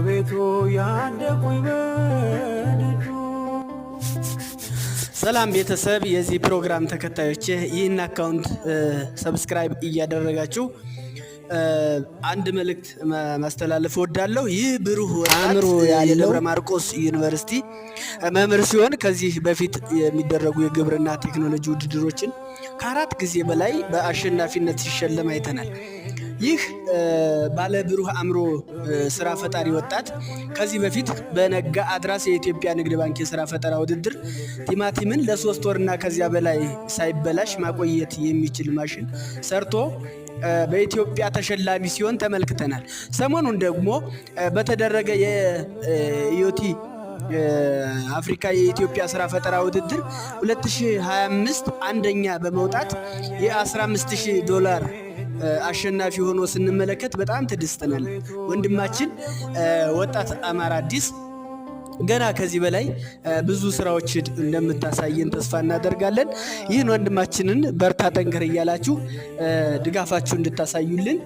በቤቱ ያደቁኝ በደጁ። ሰላም ቤተሰብ፣ የዚህ ፕሮግራም ተከታዮች ይህን አካውንት ሰብስክራይብ እያደረጋችሁ አንድ መልእክት ማስተላለፍ ወዳለሁ ይህ ብሩህ አእምሮ የደብረ ማርቆስ ዩኒቨርሲቲ መምህር ሲሆን ከዚህ በፊት የሚደረጉ የግብርና ቴክኖሎጂ ውድድሮችን ከአራት ጊዜ በላይ በአሸናፊነት ሲሸለም አይተናል። ይህ ባለ ብሩህ አእምሮ ስራ ፈጣሪ ወጣት ከዚህ በፊት በነጋ አድራስ የኢትዮጵያ ንግድ ባንክ የስራ ፈጠራ ውድድር ቲማቲምን ለሶስት ወርና ከዚያ በላይ ሳይበላሽ ማቆየት የሚችል ማሽን ሰርቶ በኢትዮጵያ ተሸላሚ ሲሆን ተመልክተናል። ሰሞኑን ደግሞ በተደረገ የኢዮቲ አፍሪካ የኢትዮጵያ ስራ ፈጠራ ውድድር 2025 አንደኛ በመውጣት የ15000 ዶላር አሸናፊ ሆኖ ስንመለከት በጣም ትድስተናል። ወንድማችን ወጣት አማራ አዲስ ገና ከዚህ በላይ ብዙ ስራዎች እንደምታሳየን ተስፋ እናደርጋለን። ይህን ወንድማችንን በርታ፣ ጠንክር እያላችሁ ድጋፋችሁ እንድታሳዩልን